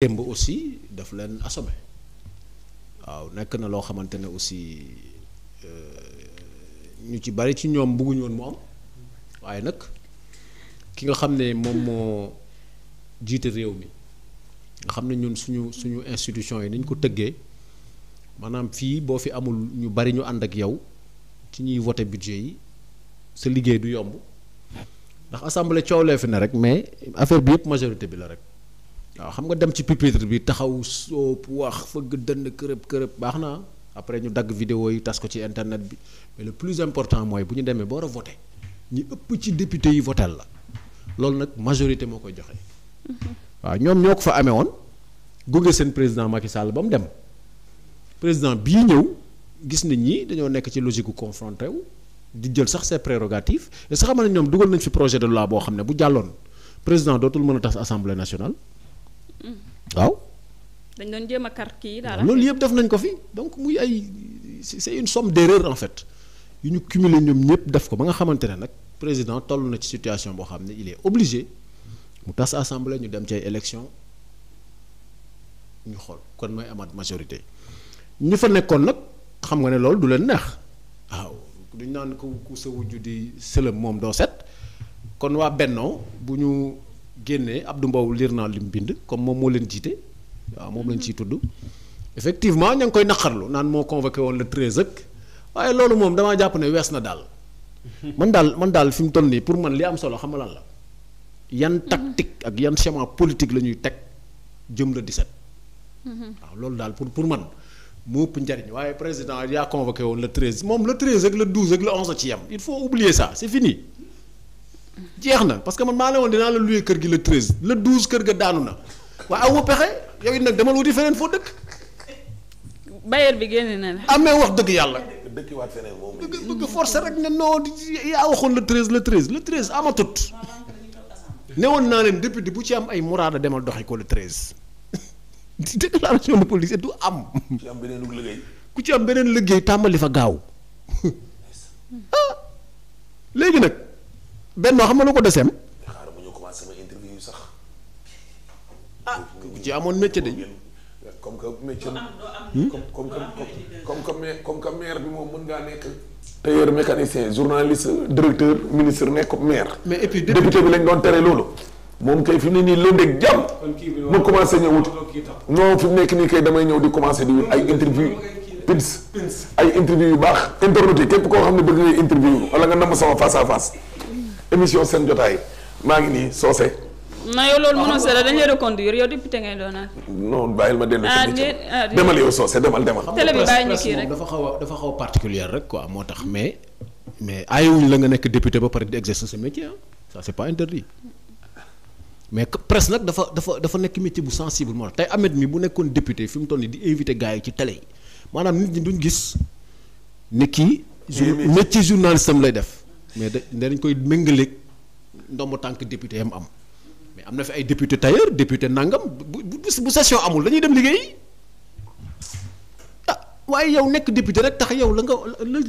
démb aussi daf leen assommé waaw nekk na loo xamante ne aussi euh, ñu ci bari ci ñoom bëgguñu woon mu am waaye nag ki nga xam ne moom moo jiite réew mi nga xam ne ñun suñu suñu institution yi nañ ko tëggee maanaam fii boo fi amul ñu bari ñu ànd ak yow ci ñuy voté budget yi sa liggéey du yomb ndax assemblée coow lee fi ne rek mais affaire bi yëpp majorité bi la rek. waaw xam nga dem ci pupitre bi taxaw soob wax fëgg dënn kërëb kërëb baax na après ñu dagg vidéo yi tas ko ci internet bi mais le plus important mooy bu ñu demee boor a voté ñi ëpp ci député yi votel la loolu nag majorité moo koy joxe. waaw ñoom ñoo ko fa amee woon gunge seen président Macky Sall ba mu dem président bii ñëw gis nañ ñi dañoo nekk ci logique gu confronté wu di jël sax ses prérogatives et sax xam na ñoom dugal nañ fi projet de loi boo xam ne bu jàlloon président dootul mën a tas assemblée nationale. Hmm. waaw. dañ doon jéem a kar kii daal loolu yëpp def nañ ko fi donc muy ay c'est une somme d'erreurs en fait yu ñu cumuler ñoom ñëpp def ko ba nga xamante ne nag président toll na ci situation boo xam ne il est obligé mu tas assemblée ñu dem ci ay ñu xool kon mooy amaat majorité ñu fa nekkoon nag xam nga ne loolu du leen neex waaw duñ naan ku ku sa wujju di sëlëm moom doo set kon waa Bennoo bu ñu. génnee Abdou Mbow liir naa mu bind comme moom moo leen jiite waaw moom lañ ciy tudd effectivement ña ngi koy naqarlu naan moo convoqué woon le 13 ak waaye loolu moom damaa jàpp ne wees na daal man daal man daal fi mu toll nii pour man li am solo xam nga lan la yan tactique ak yan schéma politique la ñuy teg jëm le 17. waaw loolu daal pour pour man mu ëpp njariñ waaye président yaa convoqué woon le 13 moom la 13 ak le 12 ak la 11 a ci yem il faut oublier ça c'est jeex na parce que man maa la woon dinaa la louer kër gi le treize le douze kër ga daanu na waaw aw ma pexe yow it nag dama wuti feneen foo dëkk. bailleur bi génne na am amee ah, wax dëgg yàlla. dëkkiwaat feneen moom bëgg bëgg forcer rek ne non yaa waxoon le treize le treize le treize amatut. newoon naa leen député bu ci am ay muraada demal doxi ko le treize. déclaration de police du am. ku ci am beneen liggéey. ku ci beneen liggéey tàmbali fa gaaw ah léegi nag. Benno xam nga lu ko deseem. xaaral ma ñu commencé sama interview yi sax. ah ku ci amoon métier de. comme que métier hmm? comme comme comme comme comme maire bi moom mën ngaa nekk. tailleur mécanicien journaliste directeur ministre nekk maire. mais et puis député bi lañ doon tere loolu. moom kay fi mu ne nii lëndeg jàmm. mu commencé ñëw wuti. non fi mu nekk nii kay damay ñëw di commencé di wut ay interview pins ay interview yu baax. internet yi képp koo xam ne bëgg ngay interview wala nga namm sama face à face. émission seen jotaay maa ngi nii soose. non yow loolu mënoo seetla dañ lay reconduire yow député ngay doonaat. Ah. non bàyyil ma dellu. Ah, ah, demal yow soose demal demal. télé bi bàyyi ñu kii rek dafa xaw a dafa xaw a rek moo tax mais mais aayewuñ la nga nekk député ba pare di exercer ce métier ah ça c'est pas interdit. mais presse nag dafa dafa dafa nekk métier bu sensible moo tax tey Ahmed mi bu nekkoon député fi mu toll nii di invité gars yi ci télé yi maanaam nit ñi duñ gis ne kii. métier journaliste am lay def. mais dañ koy méngaleeg mu tànk député am am mais am na fi ay député tailleur député nangam bu bu session amul dañuy dem liggéey ah waaye yow nekk député rek tax yow la nga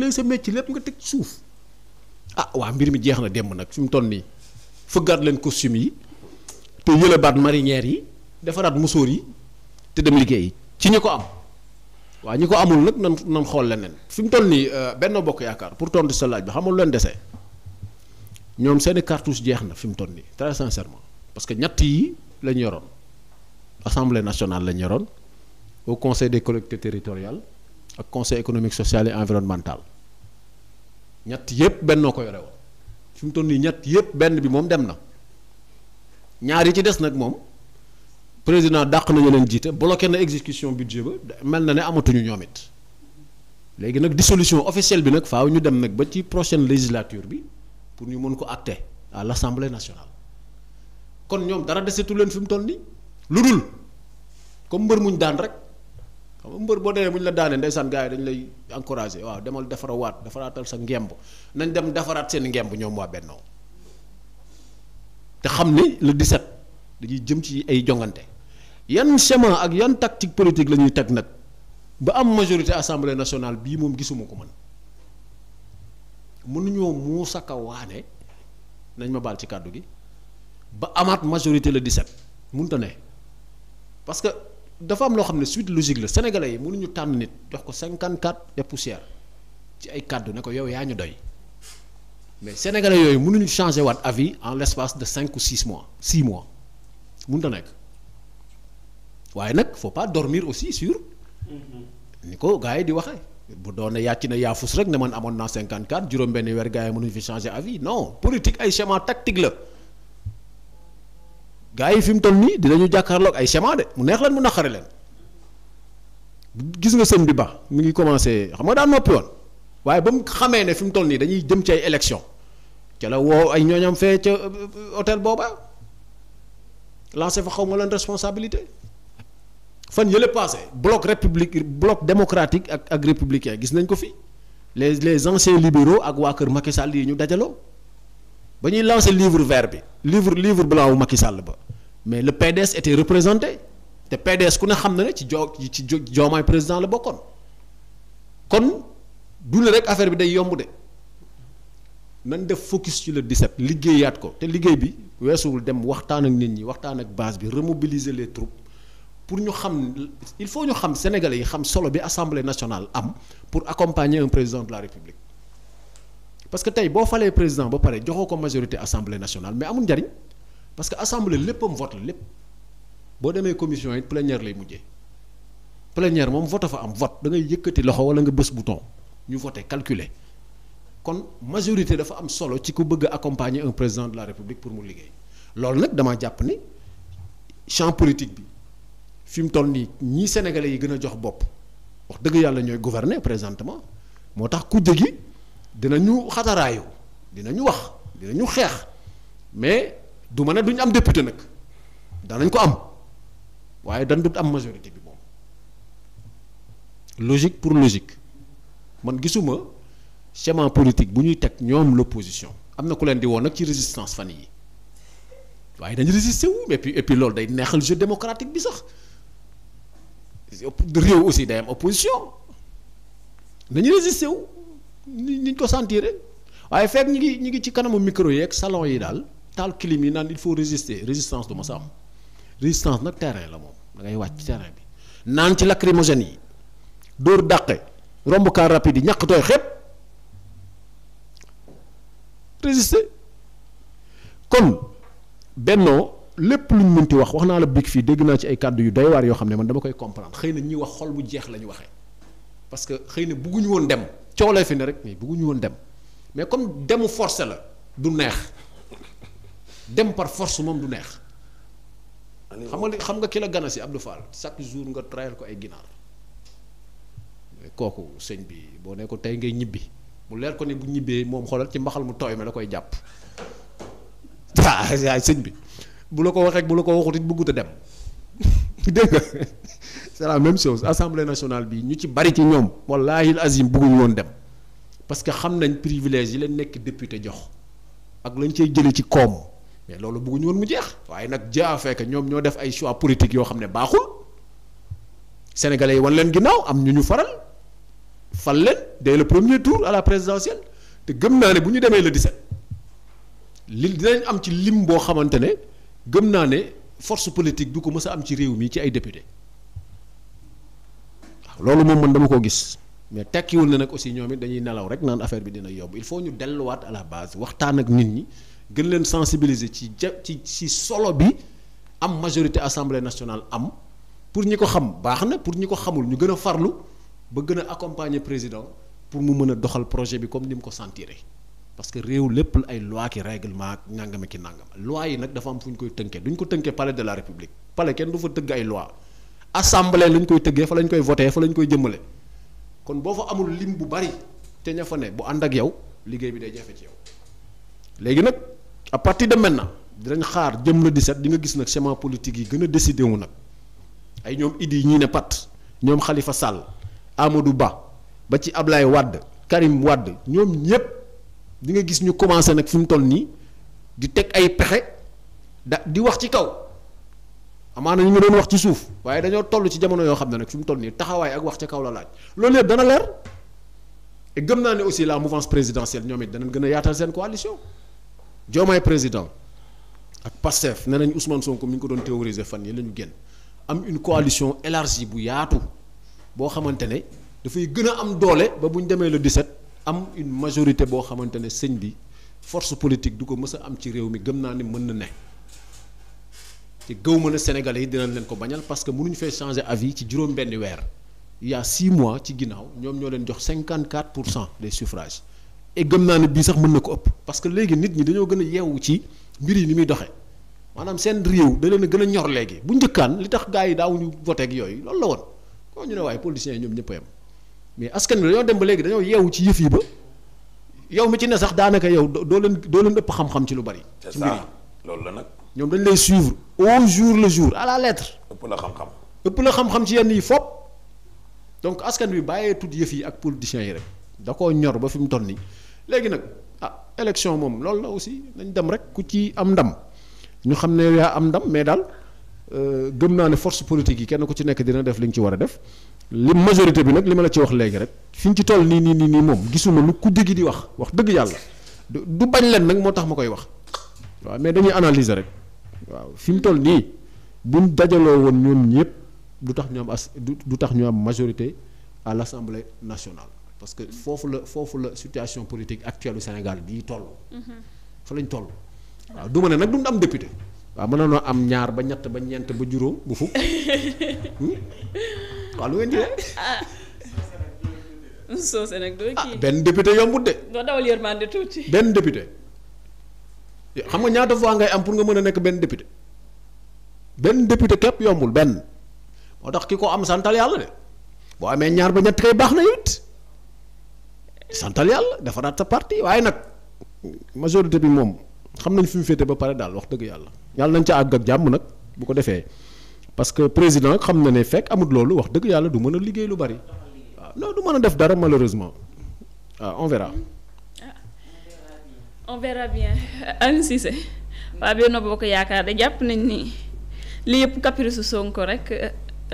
la sa métier lépp nga teg suuf ah waa mbir mi jeex na démb nag fi mu toll nii fëggaat leen costume yi te yëlebaat marinière yi defaraat musóor yi te dem liggéey ci ñi ko am. waa ñi ko amul nag nan nan xool leneen fi mu toll nii euh, benn bokk yaakaar pour tontu sa laaj bi xamul leen dese ñoom seeni cartouche jeex na fi mu toll nii très sincèrement parce que ñett yi lañ yoroon assemblée nationale lañ yoroon au conseil des collectivités territoriales ak conseil économique social et environnemental ñett yépp bennoo ko yore woon fi mu toll nii ñett yépp benn bi moom dem na ñaar yi ci des nag moom président dàq nañu leen jiite bloqué na exécution budget ba mel na ne amatuñu ñoom léegi nag dissolution officielle bi nag faaw ñu dem nag ba ci prochaine législature bi pour ñu mën ko acter à l'Assemblée nationale kon ñoom dara desetu leen fi mu toll nii lu dul comme mbër muñ daan rek xam mbër boo demee bu ñu la daanee ndeysaan gars yi dañu lay encourager waaw demal defarawaat defaraatal sa ngemb nañ dem defaraat seen ngemb ñoom waa Bennoo te xam ni dañuy jëm ci ay jongante. yan chemin ak yan tactique politique la ñuy teg nag ba am majorité assemblée nationale bii moom gisuma ko man mënuñoo muusa ka waane nañ ma baal ci kàddu gi ba amaat majorité le 17 mënta ne parce que dafa am loo xam ne suite logique la sénégalais yi mënuñu tànn nit jox ko 54 de poussière ci ay kàddu ne ko yow yaa ñu doy mais sénégalais yooyu mënuñu changer waat avis en l' espace de cinq ou 6 mois 6 mois mënta nekk. waaye nag faut pas dormir aussi sur ni ko gars yi di waxee bu doon doone yàcc na yaafus rek ne man amoon naa 54 juróom-benn weer gars yi mënuñ fi changer avis non politique ay schéma tactique la gars yi fi mu toll nii dinañu jàkkaarloog ay schéma de mu neex leen mu naqare leen gis nga sëñ bi ba mu ngi commencé xam nga daan noppi woon waaye ba mu xamee ne fi mu toll nii dañuy jëm ci ay élection ca la woo ay ñooñam fee ca euh, euh, hôtel booba lancé fa xaw ma leen responsabilité fan yële passé bloc république bloc démocratique ak ak républicain gis nañ ko fi les les anciens libéraux ak waa kër Macky Sall yi ñu dajaloo ba ñuy lancé livre vert bi livre livre blanc wu Sall ba mais le PDS était représenté te PDS ku ne xam na ne ci jo ci joomaay président la bokkoon kon du ne rek affaire bi day yomb de nan def focus ci le 17 liggéeyaat ko te liggéey bi weesuwul dem waxtaan ak nit ñi waxtaan ak base bi remobiliser les troupes. pour ñu xam il faut ñu xam sénégal yi xam solo bi assemblée nationale am pour accompagner un président de la république parce que tey boo falee président ba pare joxoo ko majorité assemblée nationale mais amul njariñ parce que assemblée léppam vote la lépp boo demee commission yi plénière lay mujjee plénière moom vote fa am vote da ngay yëkkati loxo wala nga bës bouton ñu vote calculer kon majorité dafa am solo ci ku bëgg a accompagner président de la république pour mu liggéey loolu nag dama jàpp ni champ politique bi. fi mu toll nii ñii sénégalais yi gën a jox bopp wax dëgg yàlla ñooy gouverner présentement moo tax ku jëgi dinañu xataraayu ñu wax dina ñu xeex mais du ma ne duñu am député nag danañ ko am waaye dañ dut am majorité bi moom logique pour logique man gisuma schéma politique bu ñuy teg ñoom l'opposition am na ku leen di woon nag ci résistance fan yi waaye dañ résister wu mais puis et loolu day neexal jeu démocratique bi sax réew aussi day am opposition nañu résister wu ni ñu ko sentir waaye fekk ñi ngi ñi ngi ci kanamu micro yeeg salon yi daal taal clim yi naan il faut résister résistance du ma sa am résistance nag terrain la moom da ngay wàcc terrain bi naan ci lacrymogène yi dóor dàqe romb car rapide yi ñàkk tooy xépp résister kon bennoo lépp lu luñ mënti wax wax naa la big fii dégg naa ci ay kàddu yu doy waar yoo xam ne man dama koy comprendre xëy na ñi wax xol bu jeex la waxee parce que xëy na bugguñu woon dem coolee fi ne rek mais bugguñu woon dem mais comme demu force la du neex dem par force moom du neex. xam nga li xam nga ki gana si Abdou Fall chaque jour nga trayal ko ay ginaar kooku sëñ bi boo ne ko tey ngay ñibbi mu leer ko ne bu ñibbee moom xoolal ci mbaxal mu tooy ma la koy jàpp ah sëñ bi. bu la ko waxee bu la ko waxut it bëggut a dem dégg nga c'est la même chose assemblée nationale bi ñu ci bari ci ñoom wallahi azim bëgguñu woon dem parce que xam nañ privilège yi lañ nekk député jox ak lañ cey jëlee ci koom mais loolu bëgguñu woon mu jeex waaye nag jaa fekk ñoom ñoo def ay choix politique yoo xam ne baaxul sénégalais yi wan leen ginnaaw am ñu ñu faral fal leen dès le premier tour à la présidentielle te gëm naa ne bu ñu demee le 17 li dinañ am ci lim boo xamante ne. gëm naa ne force politique du ko mës a am ci réew mii ci ay député waaw loolu moom mën dama ko gis mais tekkiwul na nag aussi ñoom it dañuy nelaw rek naan affaire bi dina yobb il faut ñu delluwaat à la base waxtaan ak nit ñi gën leen sensibiliser ci ja ci ci solo bi am majorité assemblée nationale am pour ñi ko xam baax na pour ñi ko xamul ñu gën a farlu ba gën a accompagner président pour mu mën a doxal projet bi comme ni mu ko sentiree. parce que réew lépp ay loi ki règlement nangama ki nangam loi yi nag dafa am fu ñu koy tënkee duñ ko tënkee palais de la république palais kenn du fa tëgg ay loi assemblée lañ koy tëggee fa lañ koy voté fa lañ koy jëmale kon boo fa amul lim bu bari te ña fa ne bu ànd ak yow liggéey bi day jafe ci yow léegi nag à partir de maintenant dinañ xaar jëm le 17 di nga gis nag schéma politique yi gën a décidé wu nag ay ñoom Idi yi ñii ne pat ñoom Khalifa Sall Amadou Ba ba ci Ablaye Wade Karim Wade ñoom ñëpp. di nga gis ñu commencé nag fi mu toll nii di teg ay pexe da di wax ci kaw amaana ñu ngi doon wax ci suuf waaye dañoo toll ci jamono yoo xam ne nag fi mu toll nii taxawaay ak wax ca kaw la laaj loolu yëpp dana leer gëm naa ne aussi la mouvance présidentielle ñoom it danañ gën a yaatal seen coalition Diomaye président ak Pastef ne nañ Ousmane Sonko mi ngi ko doon théoriser fan yi lañu ñu génn am une coalition élargie bu yaatu boo xamante ne dafay gën a am doole ba bu ñu demee le 17. am une majorité boo xamante ne sëñ bi force politique du ko mës a am ci réew mi gëm naa ne mën na ne te gëw ma a Sénégalais yi dinañ leen ko bañal parce que mënuñu fee changer avis ci juróom benn weer il y six mois ci ginnaaw ñoom ñoo leen jox cinquante quatre pour cent des suffrages et gëm naa ne bii sax mën na ko ëpp parce que léegi nit ñi dañoo gën a yeewu ci mbir yi ni muy doxee maanaam seen réew da leen a gën a ñor léegi bu njëkkaan li tax gars yi daawuñu voté ak yooyu loolu la woon kon ñu ne waaye politiciens yi ñoom mais askan wi dañoo dem ba léegi dañoo yeewu ci yëf yi ba yow mi ci ne sax daanaka yow doo leen doo leen ëpp xam-xam ci lu bari. ci mbir loolu la nag. ñoom dañ lay suivre au jour le jour à la lettre. ëpp la xam-xam. ëpp la xam-xam ci yenn yi fopp donc askan wi bàyyee tut yëf yi ak politiciens yi rek da koo ñor ba fi mu toll nii léegi nag ah election moom loolu la aussi nañ dem rek ku ci am ndam ñu xam ne yaa am ndam mais daal euh, gëm naa ne force politique yi kenn ku ci nekk dina def li ci war a def. li majorité bi nag li ma la ci wax léegi rek fi ñu ci toll nii nii nii nii moom gisuma lu ku dégg di wax wax dëgg yàlla du bañ leen nag moo tax ma koy wax waaw mais dañuy analyser rek waaw fi mu toll nii bu mu dajaloo woon ñoom ñëpp du tax ñu am as du tax ñu am majorité à l'Assemblée nationale parce que foofu la foofu la situation politique actuelle du Sénégal bii toll. Mm-hmm. fa lañ toll. waaw du ne nag duñ am député. waaw mën na noo am ñaar ba ñett ba ñeent ba juróom bu waaw lu ngeen di dee. Ah. soose nag doo ah, kii. benn député yombut de. doo dawal yërmande tuuti. benn député xam nga ñaata voix ngay am pour nga mën a nekk benn député benn député képp yombul benn moo tax ki ko am santal yàlla de boo amee ñaar ba ñett kay baax na it santal yàlla defaraat sa parti waaye nag majorité bi moom xam nañ fi mu féete ba pare daal wax dëgg yàlla yàlla nañ ca àgg ak jàmm nag bu ko defee. parce que président xam na ne fekk amut loolu wax dëgg yàlla du mën a liggéey lu bari waaw non du mën a def dara malheureusement waaw on verra. on verra bien Aliou Cissé waa Benno Bokk Yaakaar de jàpp nañ ni li yëpp caprice ko rek.